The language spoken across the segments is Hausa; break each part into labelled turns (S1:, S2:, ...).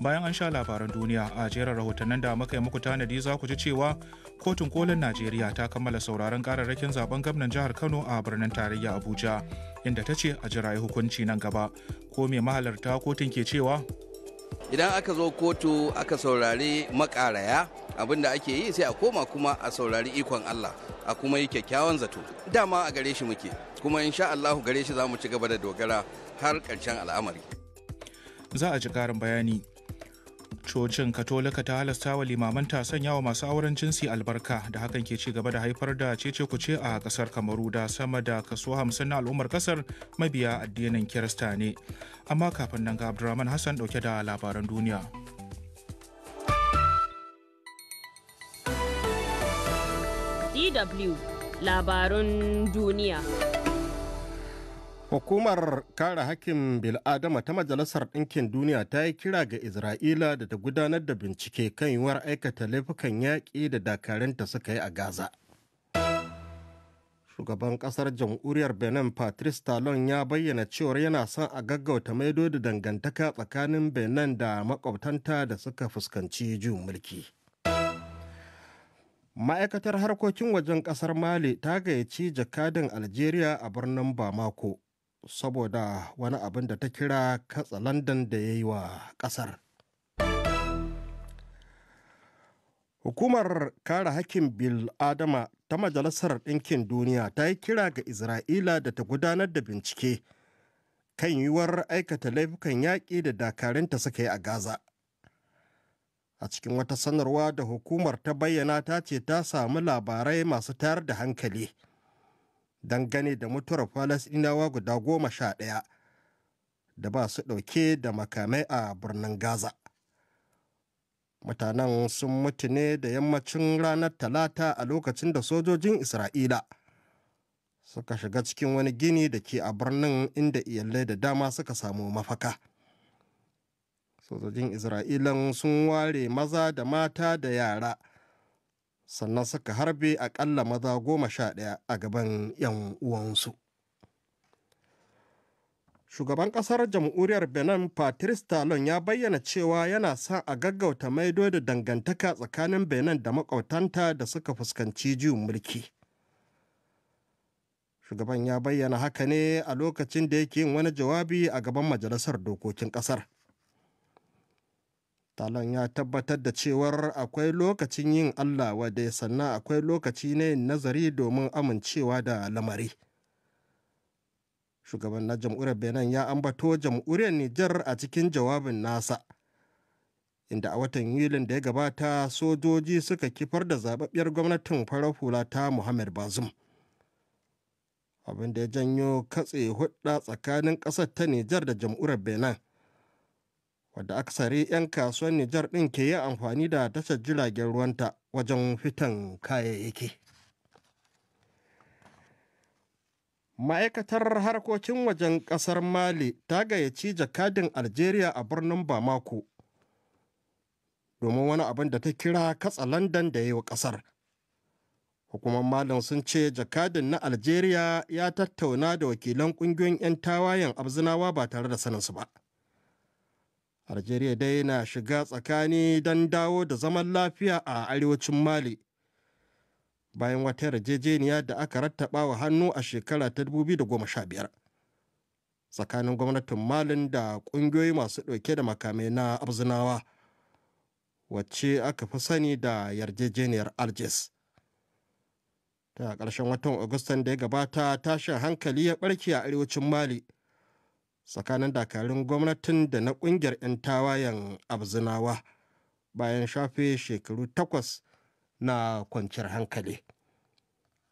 S1: bayan an sha labaran duniya a jerar rahotannin da muka yi muku tanadi za ku ji cewa kotun kolin najeriya ta kammala sauraron kararrakin zaben gwamnan jihar kano a birnin tarayya abuja inda ta ce a jira hukunci nan gaba ko mai mahalarta kotun ke cewa
S2: idan aka zo kotu aka saurari makaraya abin da ake yi sai a koma kuma a saurari ikon allah a kuma yi kyakkyawan zato dama a gare shi muke kuma in sha allahu gare shi za mu ci gaba da dogara har karshen al'amari
S1: za a ji ƙarin bayani cocin katolika ta halasta wa limamanta sanya wa masu auren jinsi albarka da hakan ke ci gaba da haifar da cece kuce a kasar kamaru da sama da kaso hamsin na al'ummar kasar mabiya addinin kirista ne amma kafin nan ga abdurrahman hassan dauke da labaran
S3: duniya dw labarun duniya
S4: Hukumar kare hakkin bil'adama ta Majalisar Ɗinkin Duniya ta yi kira ga Isra'ila da ta gudanar da bincike kan yiwuwar aikata laifukan yaƙi da dakarunta suka yi a Gaza. Shugaban ƙasar jamhuriyar Benin Patrice Talon ya bayyana cewar yana son a gaggauta maido da dangantaka tsakanin Benin da makwabtanta da suka fuskanci juyin mulki. Ma'aikatar harkokin wajen ƙasar Mali ta gayyaci jakadin Algeria a birnin Bamako saboda wani abin da ta kira katsalandan da ya yi wa ƙasar. Hukumar kare hakkin Bil Adama ta Majalisar Ɗinkin Duniya ta yi kira ga Isra'ila da ta gudanar da bincike kan yiwuwar aikata laifukan yaƙi da dakarunta suka yi a Gaza. A cikin wata sanarwa da hukumar ta bayyana ta ce ta samu labarai masu tayar da hankali dangane da mutuwar falasɗinawa guda goma sha ɗaya da ba su ɗauke da makamai a birnin gaza mutanen sun mutu ne da yammacin ranar talata a lokacin da sojojin isra'ila suka shiga cikin wani gini da ke a birnin inda iyalai da dama suka samu mafaka sojojin isra'ilan sun ware maza da mata da yara sannan suka harbe akalla maza goma sha ɗaya a gaban 'yan uwansu shugaban kasar jamhuriyar benin patrice talon ya bayyana cewa yana sa a gaggauta maido da dangantaka tsakanin benin da makautanta da suka fuskanci juyin mulki shugaban ya bayyana haka ne a lokacin da yake yin wani jawabi a gaban majalisar dokokin kasar Talon ya tabbatar da cewar akwai lokacin yin Allah wadai sannan akwai lokaci na yin nazari domin amincewa da lamari. Shugaban na jam'uriyar Benin ya ambato jam'uriyar Nijar a cikin jawabin nasa, inda a watan Yulin da ya gabata sojoji suka kifar da zababbiyar gwamnatin farar hula ta Muhammad Bazum. Abin da ya janyo katse hudda tsakanin ƙasar ta Nijar da jam'uriyar Benin. wadda aksari 'yan kasuwar Nijar ɗin ke yin amfani da tashar jiragen ruwanta wajen fitan kayayyaki. Ma'aikatar harkokin wajen ƙasar Mali ta gayyaci jakadin Algeria a birnin Bamako domin wani abin da ta kira katsa London da ya yi wa ƙasar. Hukumar Malin sun ce jakadin na Algeria ya tattauna da wakilan ƙungiyoyin 'yan tawayen abzinawa ba tare da saninsu ba. algeria dai na shiga tsakani don dawo da zaman lafiya a arewacin mali bayan wata yarjejeniya da aka rattaba wa hannu a shekara ta 2015 tsakanin gwamnatin malin da ƙungiyoyi masu ɗauke da makamai na abzinawa wacce aka fi sani da yarjejeniyar algiers ta ƙarshen watan agustan da ya gabata tashin hankali ya ɓarke a arewacin mali tsakanin dakarun gwamnatin da na ƙungiyar 'yan tawayen abzinawa bayan shafe shekaru takwas na kwanciyar hankali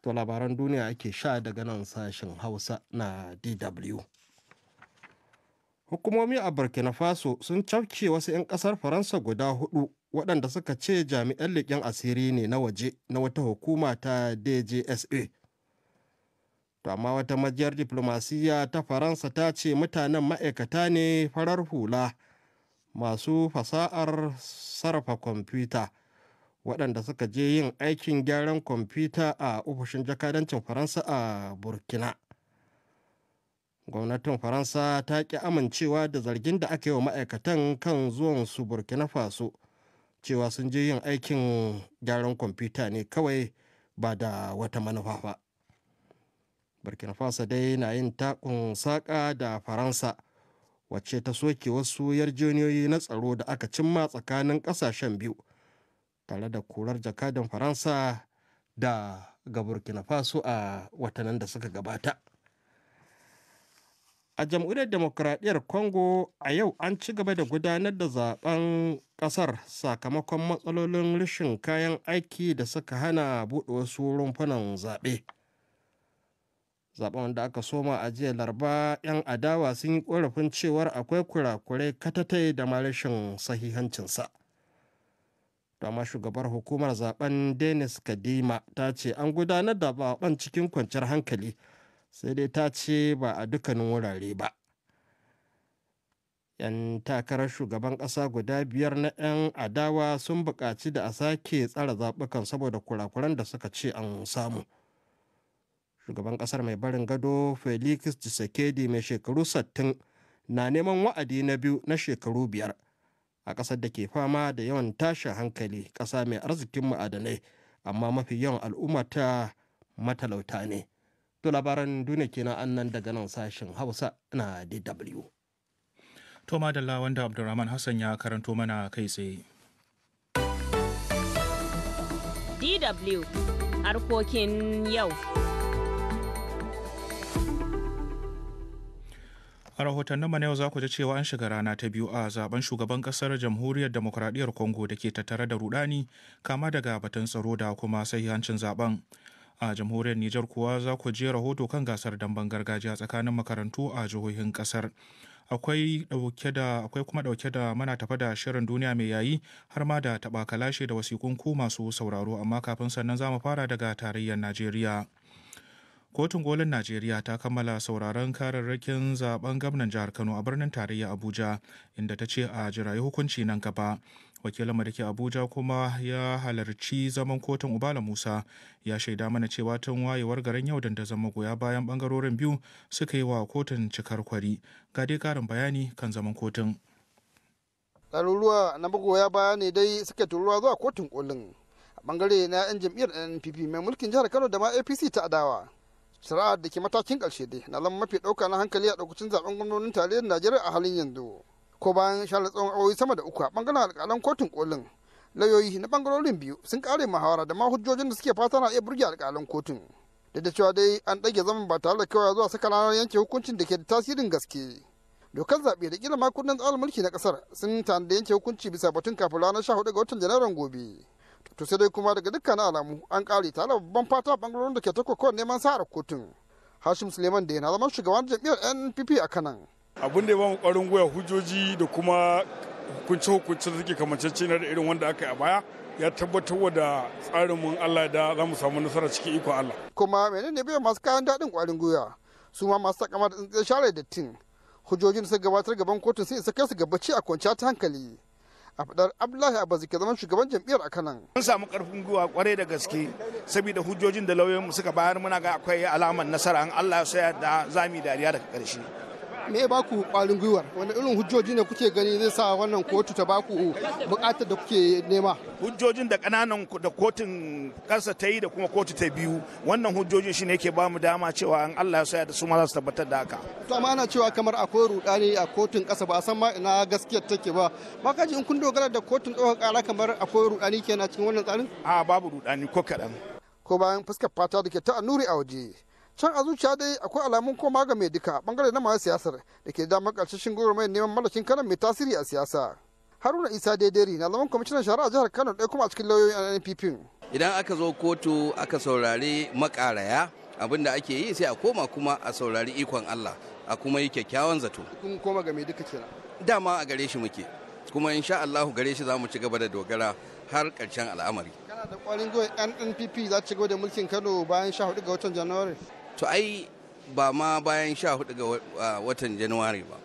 S4: to labaran duniya ake sha daga nan sashen hausa na dw hukumomi a burkina faso sun cafke wasu 'yan kasar faransa guda hudu waɗanda suka ce jami'an leƙen asiri ne na waje na wata hukuma ta djsa to amma wata majiyar diflomasiyya ta faransa ta ce mutanen ma'aikata ne farar hula masu fasa'ar sarrafa kwamfuta waɗanda suka je yin aikin gyaran kwamfuta a ofishin jakadancin faransa a burkina gwamnatin faransa ta ƙi amincewa da zargin da aka yi wa ma'aikatan kan zuwan su burkina faso cewa sun je yin aikin gyaran kwamfuta ne kawai ba da wata manufa ba burkina faso dai na yin takun saƙa da faransa wacce ta soke wasu yarjejeniyoyi na tsaro da aka cimma tsakanin kasashen biyu tare da kurar jakadan faransa da ga burkina faso a watannin da suka gabata a jamhuriyar demokuraɗiyyar congo a yau an ci gaba da gudanar da zaben ƙasar sakamakon matsalolin rashin kayan aiki da suka hana buɗe wasu rumfunan zaɓe. zaben wanda aka soma a jiya larba 'yan adawa sun yi korafin cewar akwai kurakurai katatai da ma rashin sahihancinsa dama shugabar hukumar zaben denis kadima ta ce an gudanar da zaben cikin kwanciyar hankali sai dai ta ce ba a dukkanin wurare ba 'yan takarar shugaban kasa guda biyar na 'yan adawa sun bukaci da a sake tsara zaɓukan saboda kurakuran da suka ce an samu shugaban kasar mai barin gado felix tshisekedi mai shekaru 60 na neman wa'adi na biyu na shekaru biyar a kasar da ke fama da yawan tashin hankali kasa mai arzikin ma'adanai amma mafi yawan al'umma ta matalauta ne to labaran duniya kenan annan daga nan sashen hausa na dw
S1: to madalla wanda abdulrahman hassan ya karanto mana kai tsaye
S3: dw harkokin yau
S1: a rahotannin mana yau za ku ji cewa an shiga rana ta biyu a zaben shugaban kasar jamhuriyar demokuraɗiyyar congo da ke tattare da rudani kama daga batun tsaro da kuma sahihancin zaben a jamhuriyar nijar kuwa za ku je rahoto kan gasar damben gargajiya tsakanin makarantu a jihohin kasar akwai kuma dauke da mana tafa da shirin duniya mai yayi har ma da taba kalashe da wasikunku masu sauraro amma kafin sannan za mu fara daga tarayyar najeriya Kotun kolin Najeriya ta kammala sauraron kararrakin zaben gwamnan jihar Kano a birnin tarayya Abuja inda ta ce a jirayi hukunci nan gaba. Wakilin da ke Abuja kuma ya halarci zaman kotun Ubala Musa ya shaida mana cewa tun wayewar garin yau da zama goya bayan bangarorin biyu suka yi wa kotun cikar kwari. Ga dai karin bayani kan zaman kotun.
S5: Ɗaruruwa na magoya baya ne dai suka turuwa zuwa kotun kolin. A bangare na 'yan jam'iyyar NPP mai mulkin jihar Kano da ma APC ta adawa. shari'ar da ke matakin karshe dai na zama mafi ɗauka na hankali a ɗaukacin zaben gwamnonin tarayyar najeriya a halin yanzu ko bayan share tsawon awoyi sama da uku a ɓangaren alƙalan kotun kolin lauyoyi na ɓangarorin biyu sun ƙare muhawara da ma hujjojin da suke fata na iya burge alƙalan kotun da da cewa dai an ɗage zaman ba tare da kawai zuwa saka ranar yanke hukuncin da ke da tasirin gaske dokar zaɓe da ƙila makunan tsarin mulki na ƙasar sun tanada yanke hukunci bisa batun kafin ranar hudu ga watan janairun gobe to sai dai kuma daga dukkan alamu an kare tare babban fata bangarorin da ke ta neman sa'ar kotun hashim suleiman da yana zama shugaban jam'iyyar npp a kanan abin da ya ba mu kwarin goya hujjoji da kuma hukunce hukunce
S1: da suke kamancece na da irin wanda aka yi a baya ya tabbatar da tsarinmu Allah da za mu
S5: samu nasara cikin iko Allah. Kuma menene biyan masu kayan daɗin ƙwarin gwiwa su ma masu takama da tsintsin share dattin hujjojin sun gabatar gaban kotun sai isa kai su gabaci a kwanciya ta hankali. a fadar abdullahi abbas ke zaman shugaban jam'iyyar a kanan mun samu karfin gwiwa kwarai da gaske saboda hujjojin da lauyoyinmu suka bayar muna ga akwai alamar nasara an allah ya da zami dariya daga karshe me ya baku kwarin gwiwar wani irin hujjoji ne kuke gani zai sa wannan kotu ta baku bukatar da kuke nema hujjojin da kananan da kotun kansa ta yi da
S1: kuma kotu ta biyu wannan hujjojin shi ne ke ba mu dama cewa an Allah ya da su ma za su tabbatar da haka
S5: to amma ana cewa kamar akwai rudani a kotun kasa ba san ma ina gaskiyar take ba ba ka ji in kun dogara da kotun ɗaukar kara kamar akwai rudani kenan cikin wannan tsarin a babu rudani ko kaɗan ko bayan fuskar fata da ke ta annuri a waje can a zuciya dai akwai alamun koma ga mai duka bangare na masu siyasar da ke damar karshen mai neman mallakin kanon mai tasiri a siyasa haruna isa daidari na zaman kwamishinan shari'a jihar kano ɗaya kuma a cikin lauyoyin npp
S2: idan aka zo kotu aka saurari makaraya abin da ake yi sai a koma kuma a saurari ikon allah a kuma yi kyakkyawan zato
S5: kun koma ga mai duka kenan
S2: dama a gare shi muke kuma insha allahu gare shi za mu ci gaba da dogara har karshen al'amari kana
S5: da kwarin gwiwa nnpp za ci gaba da mulkin kano bayan hudu ga watan janairu
S2: to ai ba ma bayan sha hudu ga watan januwari ba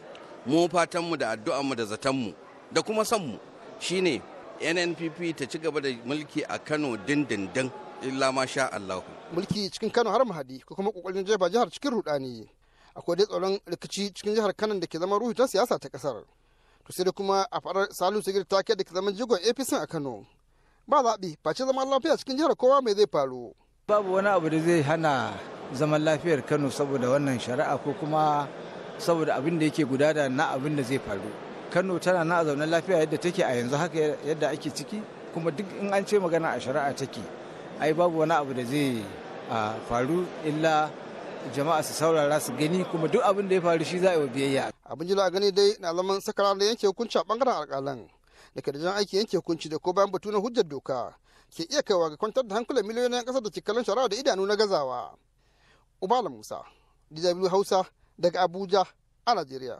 S2: mu fatanmu da addu'anmu da zatanmu da kuma sanmu shine nnpp ta ci gaba da mulki a kano dindindin illa ma sha allahu
S5: mulki cikin kano har mahadi ko kuma kokarin jefa jihar cikin rudani akwai dai tsoron rikici cikin jihar kanan da ke zama ruhu ta siyasa ta kasar to sai da kuma a farar salu sigir ta da ke zaman jigon apc a kano ba zaɓi face zaman lafiya cikin jihar kowa mai zai faru
S4: babu wani abu da zai hana zaman lafiyar kano saboda wannan shari'a ko kuma
S2: saboda abin da yake gudana na abin da zai faru kano tana na zaune lafiya yadda take a yanzu haka yadda ake ciki kuma duk in an ce magana a shari'a take ai babu wani abu da zai faru illa jama'a su saurara su gani kuma duk abin
S4: da
S5: ya faru shi za a yi wa biyayya abin jira gani dai na zaman sakara da yanke hukunci a bangaren alkalan da karjan aiki yanke hukunci da ko bayan batu na hujjar doka ke iya kaiwa ga kwantar da hankulan miliyoyin kasar da kalan shari'a da idanu na gazawa Ubala Musa, DW Hausa daga Abuja a Najeriya.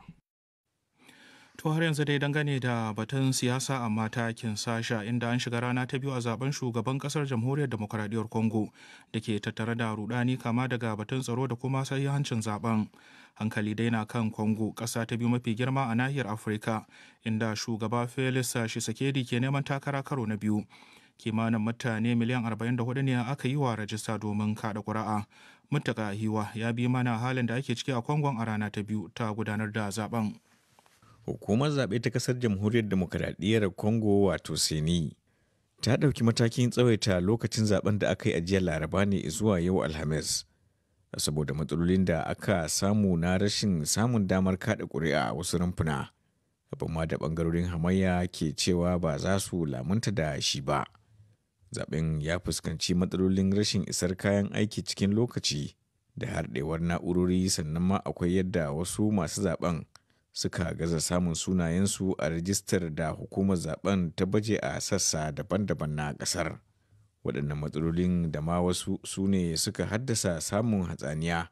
S1: To har yanzu dai dangane da batun siyasa a matakin sasha inda an shiga rana ta biyu a zaben shugaban kasar jamhuriyar demokradiyyar Congo da ke tattare da rudani kama daga batun tsaro da kuma hancin zaben. Hankali dai na kan Congo kasa ta biyu mafi girma a nahiyar Afirka inda shugaba Felix Shisekedi ke neman takara karo na biyu. Kimanin mutane miliyan 44 ne aka yi wa rajista domin kada ƙuri'a mutaka hiwa ya bi mana halin da ake ciki a kwangon a rana
S6: ta biyu ta gudanar da zaben hukumar zaɓe ta ƙasar jamhuriyar demokuraɗiyyar congo wato seni ta ɗauki matakin tsawaita lokacin zaben da aka yi a jiya laraba ne zuwa yau alhamis saboda matsalolin da aka samu na rashin samun damar kaɗa ƙuri'a a wasu rumfuna abin ma da ɓangarorin hamayya ke cewa ba za su lamunta da shi ba zaben ya fuskanci matsalolin rashin isar kayan aiki cikin lokaci da harɗewar na'urori sannan ma akwai yadda wasu masu zaben suka gaza samun sunayensu a rajistar da hukumar zaben ta baje a sassa daban-daban na ƙasar waɗannan matsalolin da ma wasu su ne suka haddasa samun hatsaniya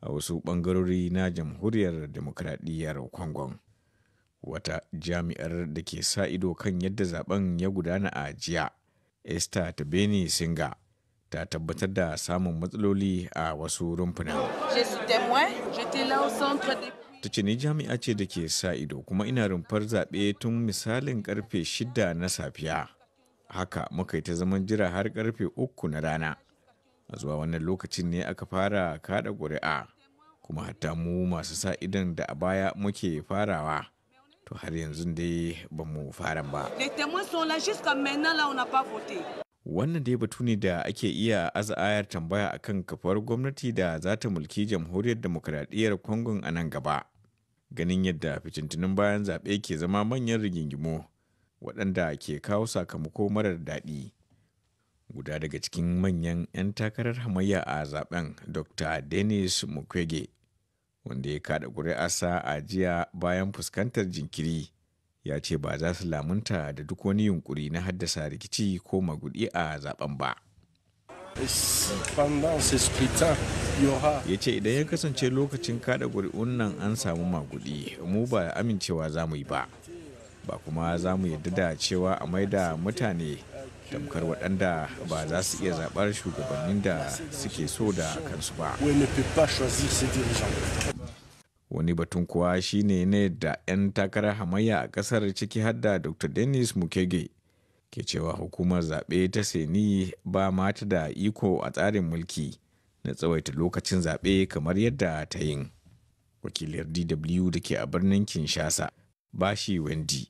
S6: a wasu ɓangarori na jamhuriyar demokradiyyar kwangon wata jami'ar da ke sa ido kan yadda zaben ya gudana a jiya Esther Tabeni Singa ta tabbatar da samun matsaloli a wasu rumfuna. Ta ce ni jami'a ce da ke sa ido kuma ina rumfar zaɓe tun misalin karfe shida na safiya. Haka muka yi ta zaman jira har karfe uku na rana. A zuwa wannan lokacin ne aka fara kaɗa ƙuri'a kuma hatta mu masu sa idan da a baya muke farawa. to har yanzu dai ba mu fara ba. Wannan dai batu ne da ake iya aza'ayar tambaya a kan kafar gwamnati da za ta mulki jamhuriyar demokuraɗiyyar Kongon a nan gaba. Ganin yadda fitintunin bayan zaɓe ke zama manyan rigingimo waɗanda ke kawo sakamako marar daɗi. Guda daga cikin manyan 'yan takarar hamayya a zaben Dr. Denis Mukwege wanda ya kada ƙuri'arsa a jiya bayan fuskantar jinkiri ya ce ba za su lamunta da duk wani yunkuri na haddasa rikici ko magudi a zaben ba ya ce idan ya kasance lokacin kada ƙuri'un nan an samu magudi mu ba amincewa za mu yi ba ba kuma za mu yarda da cewa a maida mutane tamkar waɗanda ba za su iya zaɓar shugabannin da suke so da kansu ba. wani batun kuwa shine ne da 'yan takarar hamayya a kasar ciki hadda dr dennis mukege ke cewa hukumar zaɓe ta seni ba mata da iko a tsarin mulki na tsawaita lokacin zaɓe kamar yadda ta yin wakilar dw da ke a birnin kinshasa bashi wendi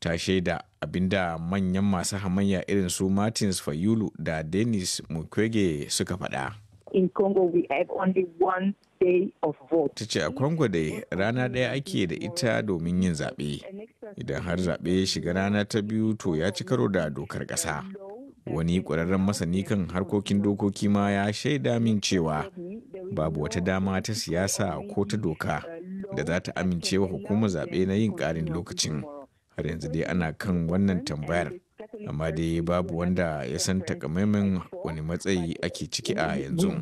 S6: ta shaida abinda manyan masu hamayya irin su martins fayulu da dennis mukwege suka faɗa.
S3: in Congo we have only one day of
S6: vote. tace a Congo dai rana ɗaya ake da ita domin yin zaɓe. Idan har zaɓe shiga rana ta biyu to ya ci karo da dokar ƙasa. Wani ƙwararren masani kan harkokin dokoki ma ya shaida min cewa babu wata dama ta siyasa ko ta doka da za ta amincewa hukumar zaɓe na yin ƙarin lokacin. Har yanzu dai ana kan wannan tambayar. amma dai babu wanda ya san takamaiman wani matsayi ake ciki a yanzu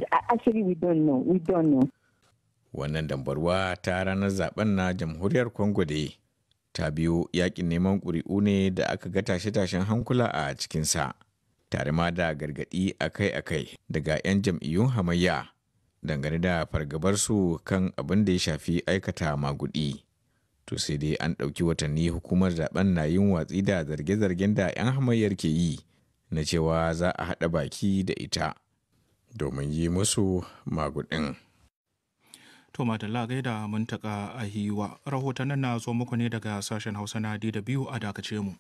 S6: wannan dambarwa ta ranar zaben na jamhuriyar congo dai ta biyo yakin neman ƙuri'u ne da aka ga tashe-tashen hankula a cikinsa tare ma da gargaɗi akai-akai daga 'yan jam'iyyun hamayya dangane da fargabarsu kan abin da ya shafi aikata magudi. to sai dai an ɗauki watanni hukumar zaben na yin watsi da zarge-zargen da 'yan hamayyar ke yi na cewa za a haɗa baki da ita domin yi musu magudin.
S1: To Madalla gaida mun taƙa a hiwa rahotannin na zo muku ne daga sashen Hausa na DW a dakace mu.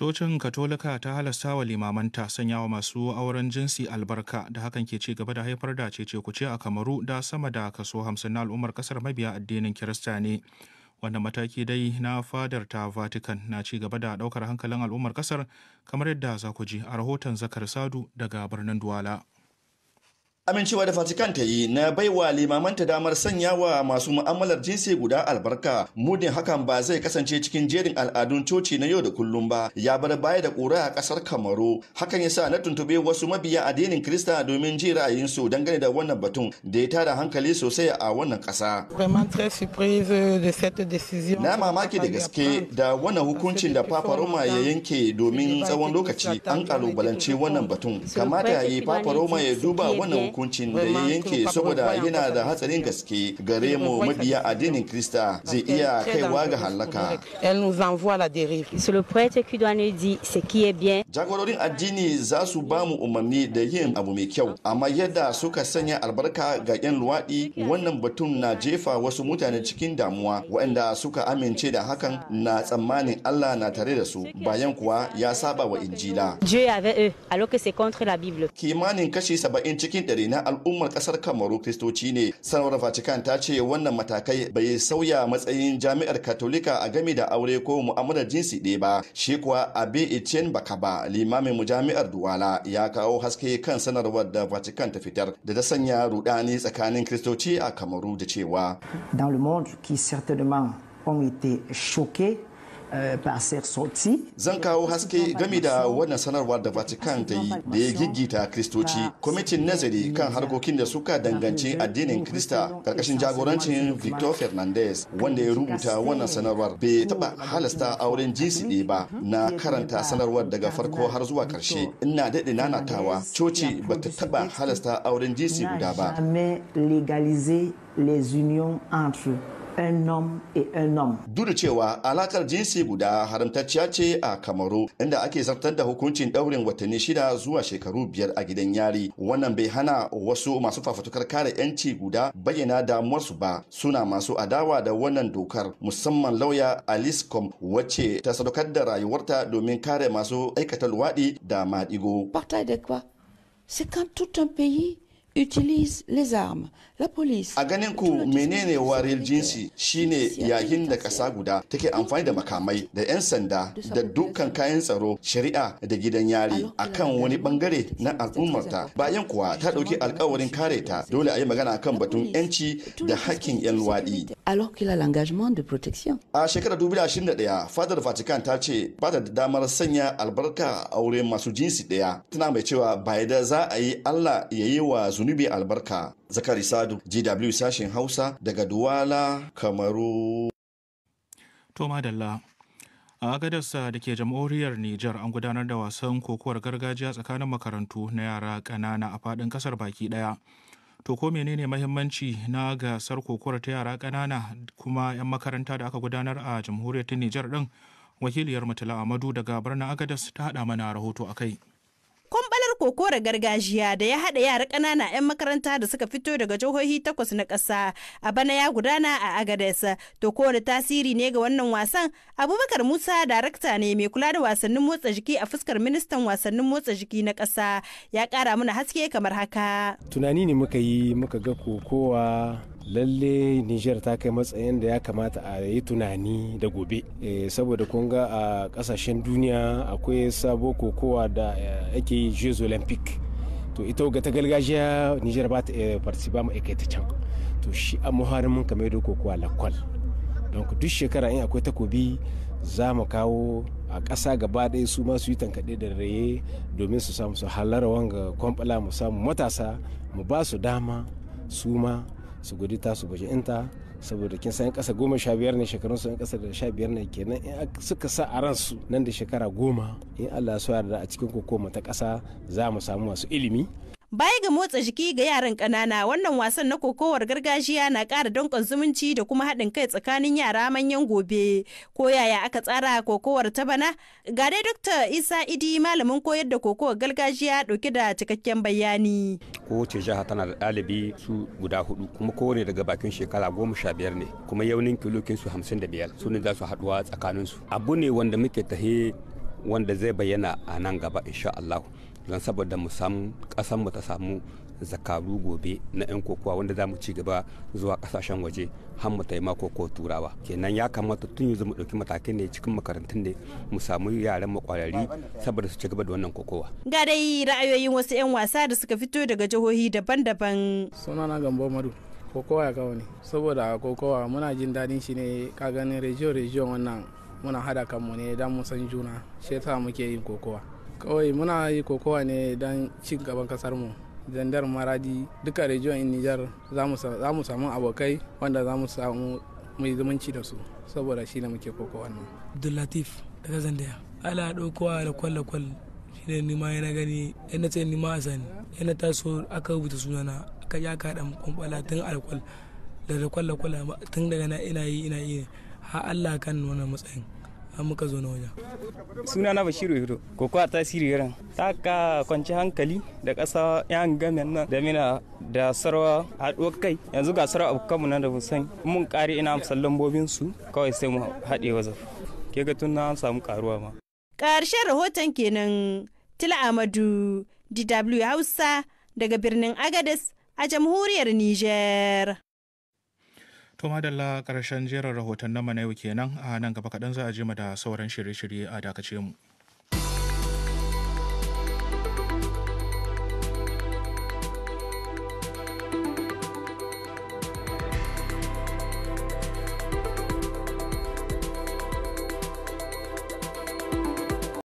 S1: Cocin Katolika ta halasta wa limamanta sanya wa masu auren jinsi albarka da hakan ke ci gaba da haifar da cece kuce a Kamaru da sama da kaso 50 na al'ummar kasar mabiya addinin Kirista ne. Wanda mataki dai na fadar ta Vatican na ci gaba da daukar hankalin al'ummar kasar kamar yadda za ku ji a rahoton Zakar Sadu daga birnin Duwala.
S2: amincewa da fatikan ta yi na baiwa limamanta damar sanya wa masu mu'amalar jinsi guda albarka mudin hakan ba zai kasance cikin jerin al'adun coci na yau da kullum ba ya bar baya da kura a kasar kamaru hakan yasa na tuntube wasu mabiya addinin krista domin ji ra'ayinsu dangane da wannan batun da ya tara hankali sosai a wannan kasa.
S6: na mamaki da gaske
S2: da wannan hukuncin da papa roma ya yanke domin tsawon lokaci an kalubalance wannan batun kamata ya yi papa roma ya duba wannan hukuncin da ya yanke saboda yana da hatsarin gaske gare mu mabiya addinin Krista zai iya kaiwa ga halaka. Jagororin addini za su ba mu umarni da yin abu mai kyau, amma yadda suka sanya albarka ga 'yan luwaɗi wannan batun na jefa wasu mutane cikin damuwa waɗanda suka amince da hakan na tsammanin Allah na tare da su bayan kuwa ya saba wa Injila. Kimanin kashi 70 cikin ɗari bangare na al'ummar kasar kamaru kristoci ne sanarwar vatican ta ce wannan matakai bai sauya matsayin jami'ar katolika a game da aure ko mu'amalar jinsi ɗaya ba shi kuwa abe etienne bakaba limamin mu jami'ar duwala ya kawo haske kan sanarwar da vatican ta fitar da ta sanya rudani tsakanin kristoci a kamaru da cewa
S3: dans le monde qui certainement ont été choqués Euh,
S2: Zan kawo haske game da wannan sanarwar da Vatican ta yi da ya gigita Kristoci. Kwamitin nazari kan harkokin da suka danganci addinin Krista karkashin jagorancin Victor Fernandez wanda ya rubuta wannan sanarwar bai taba halasta auren jinsi ɗaya e ba na karanta sanarwar daga farko har zuwa karshe Ina daɗe nanatawa coci ba ta taba halasta auren jinsi e guda ba.
S3: les unions entre un homme et un homme.
S2: Duk da cewa alakar jinsi guda haramtacciya ce a Kamaru inda ake zartar da hukuncin daurin watanni shida zuwa shekaru biyar a gidan yari. Wannan bai hana wasu masu fafutukar kare 'yanci guda bayyana damuwarsu ba suna masu adawa da wannan dokar musamman lauya Alice Com wacce ta sadaukar da rayuwarta domin kare masu aikata luwaɗi da maɗigo. Partai da kwa,
S3: C'est quand tout un utilise
S2: A ganin ku menene wariyar jinsi shine yayin da ƙasa guda take amfani da makamai da 'yan sanda da dukkan kayan tsaro shari'a da gidan yari a kan wani bangare na al'ummarta bayan kuwa ta ɗauki alkawarin kare ta dole a yi magana kan batun 'yanci da hakkin 'yan luwaɗi.
S3: alors qu'il a l'engagement de protection.
S2: A shekarar 2021, Fadar Vatican ta ce ba ta da damar sanya albarka a wurin masu jinsi ɗaya. Tana mai cewa ba da za a yi Allah ya yi wa zunubi albarka. Zakari Sadu, GW sashen Hausa daga Duwala, Kamaru.
S1: Toma Dalla, A gadarsa da ke Jam'uriyar Nijar an gudanar da wasan kokowar gargajiya tsakanin makarantu na yara ƙanana a faɗin ƙasar baki ɗaya. To ko menene mahimmanci na gasar kokowar ta yara kanana kuma 'yan makaranta da aka gudanar a jamhuriyar ta Nijar ɗin wakiliyar Mutala Amadu daga birnin Agadas ta haɗa mana rahoto a kai.
S3: kokora gargajiya da ya haɗa yara ƙanana 'yan makaranta da suka fito daga jihohi takwas na ƙasa a bana ya gudana a agadesa To kowane tasiri ne ga wannan wasan? Abubakar Musa darakta ne mai kula da wasannin motsa jiki a fuskar ministan wasannin motsa jiki na ƙasa ya kara mana haske kamar haka.
S4: Tunani ne muka yi muka ga kokowa lalle niger ta kai matsayin da ya kamata a yi tunani da gobe eh, saboda kunga a kasashen duniya akwai sabo kokowa da eh, ake yi jeux olympic to ita ga ta gargajiya niger ba ta farci eh, ba ma'aikata can to shi a muharimin kamar da kokowa lakwal don duk shekara in akwai takobi za mu kawo a ƙasa gaba ɗaya su masu su yi tankaɗe da raye domin su samu su halara wanga kwamfala mu samu matasa mu ba su dama su ma su gudu ta su baje inta saboda kin san kasa goma sha biyar ne shekarun su kasa da sha biyar ne kenan in suka sa a ransu nan da shekara goma in Allah ya so yarda a cikin kokoma ta kasa za mu samu masu ilimi
S3: Baya ga motsa jiki ga yaran kanana wannan wasan na kokowar gargajiya na kara donkon zumunci da kuma haɗin kai tsakanin yara manyan gobe. Ko yaya aka tsara kokowar ta bana? Ga dai Dr. Isa Idi malamin koyar da kokowar gargajiya ɗauke da cikakken bayani.
S4: Kowace jiha tana da ɗalibi su guda hudu kuma kowane daga bakin shekara goma sha biyar ne kuma yaunin kilokin su hamsin da biyar su ne za su haɗuwa tsakaninsu. Abu ne wanda muke tahe wanda zai bayyana a nan gaba insha Allah. don saboda mu samu kasan mu ta samu zakaru gobe na 'yan kokowa wanda za mu ci gaba zuwa kasashen waje har mu taimako ko turawa kenan ya kamata tun yanzu mu ɗauki matakai ne cikin makarantun ne mu samu yaran makwarari saboda su ci gaba da wannan kokowa
S3: ga dai ra'ayoyin wasu 'yan wasa da suka fito daga jihohi daban-daban suna na gambo madu kokowa ya kawo ne saboda kokowa muna jin daɗin
S1: shi ne ka ganin rejiyo rejiyon wannan muna hada kanmu ne dan mu san juna shi yasa muke yin kokowa kawai muna yi kokowa ne don ci gaban kasar mu jandar maradi duka region nijar za mu samu abokai wanda za mu samu mai zumunci da su saboda shi ne muke kokowa nan
S2: abdullatif daga zandaya ala dokowa da kwal-kwal shi ne nima yana gani yana ce nima sani yana taso aka rubuta sunana aka ya kaɗa kwamfala tun alkwal da kwal-kwal tun daga na ina yi ina yi har allah kan wannan matsayin har muka zo na wajen
S1: suna na bashiru hiro kuwa tasiri yaran ta ka kwanci hankali da ƙasa yan gamen nan da mina da sarwa haɗuwar kai yanzu ga sarwa abokanmu nan da musan mun ƙari ina musan lambobin su kawai sai mu haɗe wazaf ke ga tun na samu karuwa ma
S3: ƙarshen rahoton kenan tila amadu dw hausa daga birnin agadez a jamhuriyar niger
S1: To madalla ƙarshen jerin rahoton na yau kenan a nan gaba kaɗan za a je mu da sauran shirye-shirye a dakace mu.